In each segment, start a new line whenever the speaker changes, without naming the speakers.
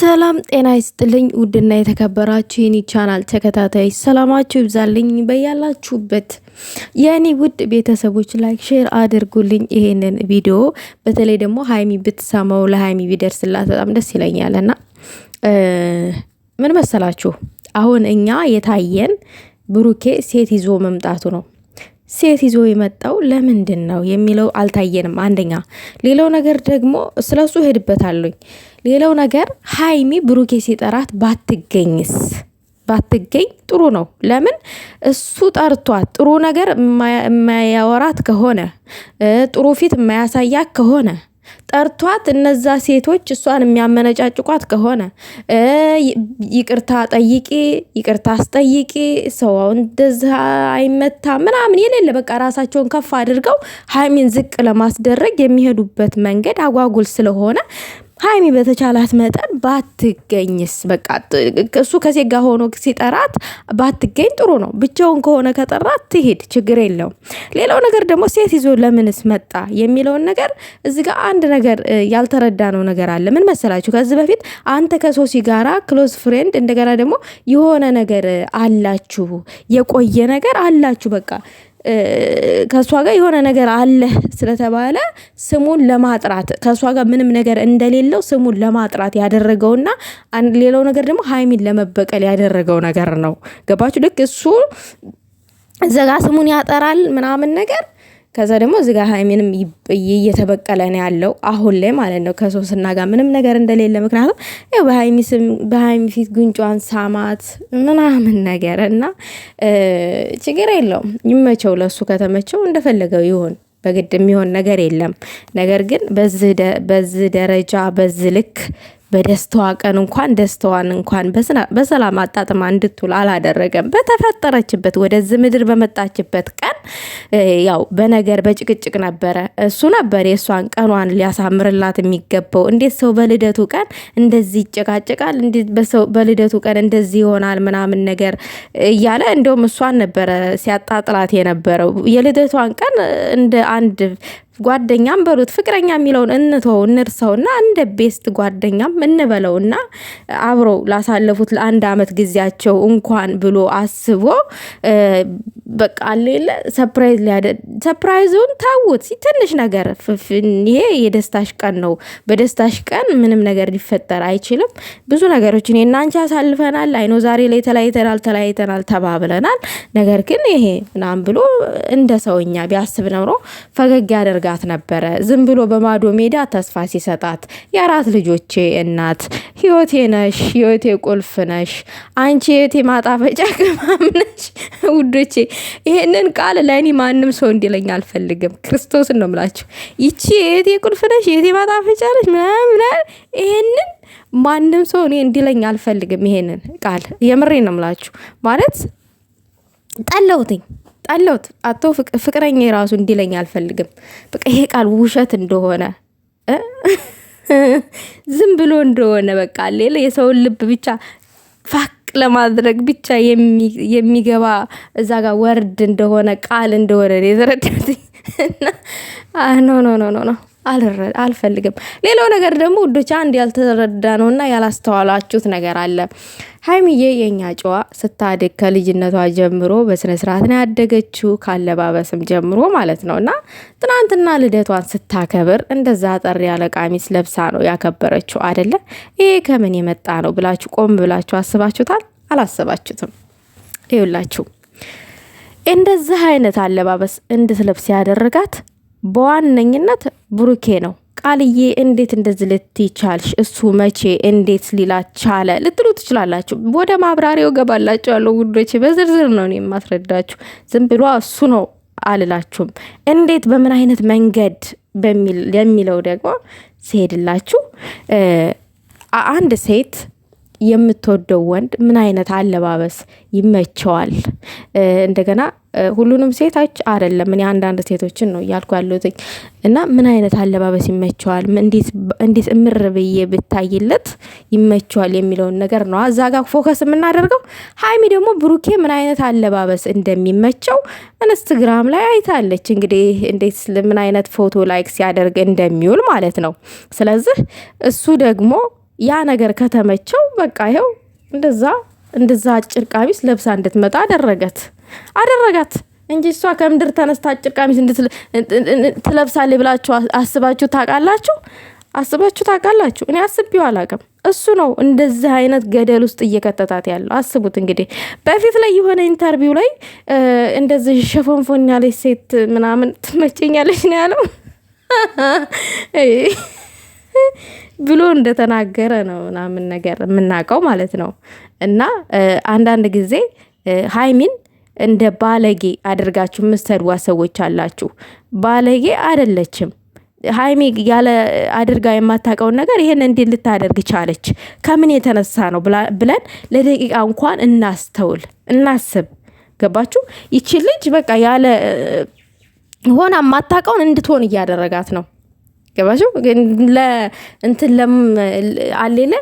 ሰላም ጤና ይስጥልኝ። ውድና የተከበራችሁ የኒ ቻናል ተከታታይ ሰላማችሁ ይብዛልኝ በያላችሁበት። የኔ ውድ ቤተሰቦች ላይክ፣ ሼር አድርጉልኝ ይሄንን ቪዲዮ። በተለይ ደግሞ ሀይሚ ብትሰማው ለሀይሚ ቢደርስላት በጣም ደስ ይለኛል። እና ምን መሰላችሁ አሁን እኛ የታየን ብሩኬ ሴት ይዞ መምጣቱ ነው። ሴት ይዞ የመጣው ለምንድን ነው የሚለው አልታየንም። አንደኛ ሌላው ነገር ደግሞ ስለሱ ሄድበታለኝ። ሌላው ነገር ሀይሚ ብሩኬ ሲጠራት ባትገኝስ ባትገኝ ጥሩ ነው። ለምን እሱ ጠርቷት ጥሩ ነገር የማያወራት ከሆነ ጥሩ ፊት የማያሳያት ከሆነ ጠርቷት እነዛ ሴቶች እሷን የሚያመነጫጭቋት ከሆነ ይቅርታ ጠይቂ፣ ይቅርታ አስጠይቂ፣ ሰው እንደዚህ አይመታ ምናምን የሌለ በቃ ራሳቸውን ከፍ አድርገው ሀይሚን ዝቅ ለማስደረግ የሚሄዱበት መንገድ አጓጉል ስለሆነ ሀይሚ በተቻላት መጠን ባትገኝስ፣ በቃ እሱ ከሴት ጋር ሆኖ ሲጠራት ባትገኝ ጥሩ ነው። ብቻውን ከሆነ ከጠራት ትሄድ፣ ችግር የለውም። ሌላው ነገር ደግሞ ሴት ይዞ ለምንስ መጣ የሚለውን ነገር እዚ ጋር አንድ ነገር ያልተረዳነው ነገር አለ። ምን መሰላችሁ? ከዚህ በፊት አንተ ከሶሲ ጋራ ክሎዝ ፍሬንድ፣ እንደገና ደግሞ የሆነ ነገር አላችሁ፣ የቆየ ነገር አላችሁ በቃ ከእሷ ጋር የሆነ ነገር አለ ስለተባለ ስሙን ለማጥራት ከእሷ ጋር ምንም ነገር እንደሌለው ስሙን ለማጥራት ያደረገውና ሌላው ነገር ደግሞ ሀይሚን ለመበቀል ያደረገው ነገር ነው። ገባችሁ? ልክ እሱ እዛ ስሙን ያጠራል ምናምን ነገር ከዛ ደግሞ እዚጋ ሀይሜንም እየተበቀለ ነው ያለው አሁን ላይ ማለት ነው ከሶስና ጋር ምንም ነገር እንደሌለ። ምክንያቱም ያው በሀይሚ ፊት ጉንጯን ሳማት ምናምን ነገር እና ችግር የለውም ይመቸው፣ ለሱ ከተመቸው እንደፈለገው ይሆን። በግድ የሚሆን ነገር የለም። ነገር ግን በዚህ ደረጃ በዚህ ልክ በደስታዋ ቀን እንኳን ደስታዋን እንኳን በሰላም አጣጥማ እንድትውል አላደረገም። በተፈጠረችበት ወደዚህ ምድር በመጣችበት ቀን ያው በነገር በጭቅጭቅ ነበረ። እሱ ነበር የእሷን ቀኗን ሊያሳምርላት የሚገባው። እንዴት ሰው በልደቱ ቀን እንደዚህ ይጨቃጨቃል እንዴት በሰው በልደቱ ቀን እንደዚህ ይሆናል? ምናምን ነገር እያለ እንደውም እሷን ነበረ ሲያጣጥላት የነበረው የልደቷን ቀን እንደ አንድ ጓደኛም በሉት ፍቅረኛ የሚለውን እንተው እንርሰውና እንደ ቤስት ጓደኛም እንበለውና አብረው ላሳለፉት ለአንድ አመት ጊዜያቸው እንኳን ብሎ አስቦ በቃ ሌለ ሰፕራይዝ ሊያደ ሰፕራይዙን ታውት ትንሽ ነገር ይሄ የደስታሽ ቀን ነው። በደስታሽ ቀን ምንም ነገር ሊፈጠር አይችልም። ብዙ ነገሮችን እኔና አንቺ አሳልፈናል። አይኖ ዛሬ ላይ ተለያይተናል ተለያይተናል ተባብለናል። ነገር ግን ይሄ ምናምን ብሎ እንደ ሰውኛ ቢያስብ ኖሮ ፈገግ ያደርጋል። ሲወስዳት ነበረ። ዝም ብሎ በማዶ ሜዳ ተስፋ ሲሰጣት የአራት ልጆቼ እናት ህይወቴ ነሽ፣ ህይወቴ ቁልፍ ነሽ፣ አንቺ ህይወቴ ማጣፈጫ ቅመም ነሽ። ውዶቼ ይሄንን ቃል ለእኔ ማንም ሰው እንዲለኝ አልፈልግም። ክርስቶስን ነው ምላችሁ። ይቺ ህይወቴ ቁልፍ ነሽ፣ ህይወቴ ማጣፈጫ ነሽ ምናምን ይሄንን ማንም ሰው እኔ እንዲለኝ አልፈልግም። ይሄንን ቃል የምሬ ነው ምላችሁ ማለት ጠለውትኝ ጣለውት አቶ ፍቅረኛ የራሱ እንዲለኝ አልፈልግም። በቃ ይሄ ቃል ውሸት እንደሆነ ዝም ብሎ እንደሆነ በቃ ሌለ የሰውን ልብ ብቻ ፋቅ ለማድረግ ብቻ የሚገባ እዛ ጋር ወርድ እንደሆነ ቃል እንደሆነ የተረዳት ኖ ኖ ኖ ኖ አልፈልግም። ሌላው ነገር ደግሞ ውዶች አንድ ያልተረዳ ነው እና ያላስተዋላችሁት ነገር አለ። ሀይሚዬ የእኛ ጨዋ ስታድግ ከልጅነቷ ጀምሮ በስነ ስርዓት ነው ያደገችው፣ ካለባበስም ጀምሮ ማለት ነው። እና ትናንትና ልደቷን ስታከብር እንደዛ ጠር ያለ ቀሚስ ለብሳ ነው ያከበረችው አደለ? ይሄ ከምን የመጣ ነው ብላችሁ ቆም ብላችሁ አስባችሁታል? አላሰባችሁትም። ይኸውላችሁ እንደዚህ አይነት አለባበስ እንድትለብስ ያደረጋት በዋነኝነት ብሩኬ ነው። ቃልዬ እንዴት እንደዚህ ልትቻልሽ? እሱ መቼ እንዴት ሊላ ቻለ ልትሉ ትችላላችሁ። ወደ ማብራሪያው ገባላችሁ ያለው ጉዶች በዝርዝር ነው የማስረዳችሁ። ዝም ብሎ እሱ ነው አልላችሁም። እንዴት በምን አይነት መንገድ የሚለው ደግሞ ሲሄድላችሁ አንድ ሴት የምትወደው ወንድ ምን አይነት አለባበስ ይመቸዋል? እንደገና ሁሉንም ሴቶች አይደለም፣ እኔ አንዳንድ ሴቶችን ነው እያልኩ ያለሁት እና ምን አይነት አለባበስ ይመቸዋል፣ እንዴት እምር ብዬ ብታይለት ይመቸዋል የሚለውን ነገር ነው እዛ ጋር ፎከስ የምናደርገው። ሀይሚ ደግሞ ብሩኬ ምን አይነት አለባበስ እንደሚመቸው ኢንስትግራም ላይ አይታለች። እንግዲህ እንዴት ምን አይነት ፎቶ ላይክ ሲያደርግ እንደሚውል ማለት ነው። ስለዚህ እሱ ደግሞ ያ ነገር ከተመቸው በቃ ይኸው እንደዛ እንደዛ አጭር ቀሚስ ለብሳ እንድትመጣ አደረገት አደረጋት እንጂ እሷ ከምድር ተነስታ አጭር ቀሚስ ትለብሳለች ብላችሁ አስባችሁ ታውቃላችሁ? አስባችሁ ታውቃላችሁ? እኔ አስቤው አላውቅም። እሱ ነው እንደዚህ አይነት ገደል ውስጥ እየከተታት ያለው። አስቡት እንግዲህ በፊት ላይ የሆነ ኢንተርቪው ላይ እንደዚህ ሸፎንፎን ያለች ሴት ምናምን ትመቸኛለች ነው ያለው። ብሎ እንደተናገረ ነው ምናምን ነገር የምናውቀው ማለት ነው። እና አንዳንድ ጊዜ ሀይሚን እንደ ባለጌ አድርጋችሁ የምትሰድቧት ሰዎች አላችሁ። ባለጌ አይደለችም። ሀይሚ ያለ አድርጋ የማታውቀውን ነገር ይሄን እንዲህ ልታደርግ ቻለች ከምን የተነሳ ነው ብለን ለደቂቃ እንኳን እናስተውል፣ እናስብ። ገባችሁ? ይቺ ልጅ በቃ ያለ ሆና የማታውቀውን እንድትሆን እያደረጋት ነው። ገባሽው እንትን አሌለ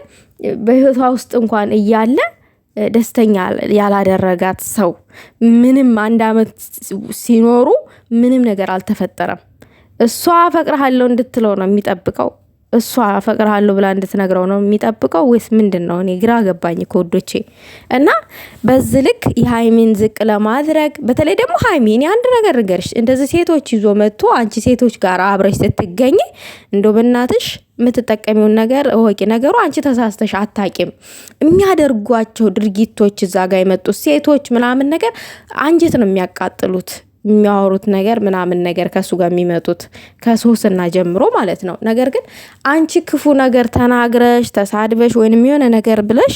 በህይወቷ ውስጥ እንኳን እያለ ደስተኛ ያላደረጋት ሰው ምንም አንድ አመት ሲኖሩ ምንም ነገር አልተፈጠረም። እሷ አፈቅርሃለሁ እንድትለው ነው የሚጠብቀው። እሷ አፈቅርሃለሁ ብላ እንድትነግረው ነው የሚጠብቀው ወይስ ምንድን ነው? እኔ ግራ ገባኝ ከወዶቼ እና በዚህ ልክ የሀይሚን ዝቅ ለማድረግ በተለይ ደግሞ ሀይሚን የአንድ ነገር ንገርሽ፣ እንደዚህ ሴቶች ይዞ መጥቶ አንቺ ሴቶች ጋር አብረሽ ስትገኝ እንደ በናትሽ የምትጠቀሚውን ነገር እወቂ። ነገሩ አንቺ ተሳስተሽ አታቂም። የሚያደርጓቸው ድርጊቶች እዛ ጋር የመጡት ሴቶች ምናምን ነገር አንጀት ነው የሚያቃጥሉት። የሚያወሩት ነገር ምናምን ነገር ከእሱ ጋር የሚመጡት ከሶስና ጀምሮ ማለት ነው። ነገር ግን አንቺ ክፉ ነገር ተናግረሽ ተሳድበሽ ወይንም የሆነ ነገር ብለሽ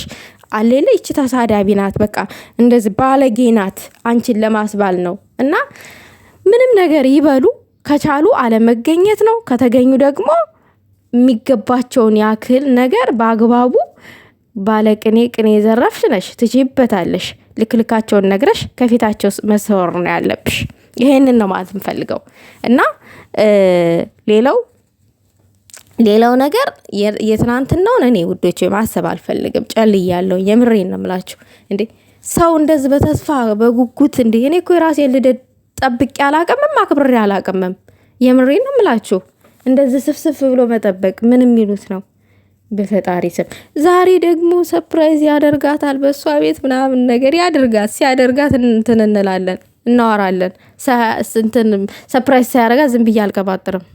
አሌለ ይቺ ተሳዳቢ ናት፣ በቃ እንደዚህ ባለጌ ናት አንቺን ለማስባል ነው። እና ምንም ነገር ይበሉ ከቻሉ አለመገኘት ነው። ከተገኙ ደግሞ የሚገባቸውን ያክል ነገር በአግባቡ ባለቅኔ ቅኔ ዘረፍሽ ነሽ ትችይበታለሽ። ልክልካቸውን ነግረሽ ከፊታቸው መሰወር ነው ያለብሽ። ይሄንን ነው ማለት የምፈልገው እና ሌላው ሌላው ነገር የትናንትናውን እኔ ውዶች ማሰብ አልፈልግም። ጨልያለሁ። የምሬን ነው የምላችሁ። እንዴ ሰው እንደዚህ በተስፋ በጉጉት እንዴ! እኔ እኮ የራሴ ልደት ጠብቄ አላቅምም፣ አክብሬ አላቅምም። የምሬን ነው የምላችሁ። እንደዚህ ስፍስፍ ብሎ መጠበቅ ምን የሚሉት ነው? በፈጣሪ ስም ዛሬ ደግሞ ሰፕራይዝ ያደርጋታል። በእሷ ቤት ምናምን ነገር ያደርጋት ሲያደርጋት እንትን እንላለን፣ እናወራለን። ሰፕራይዝ ሳያደርጋት ዝም ብዬ አልቀባጥርም።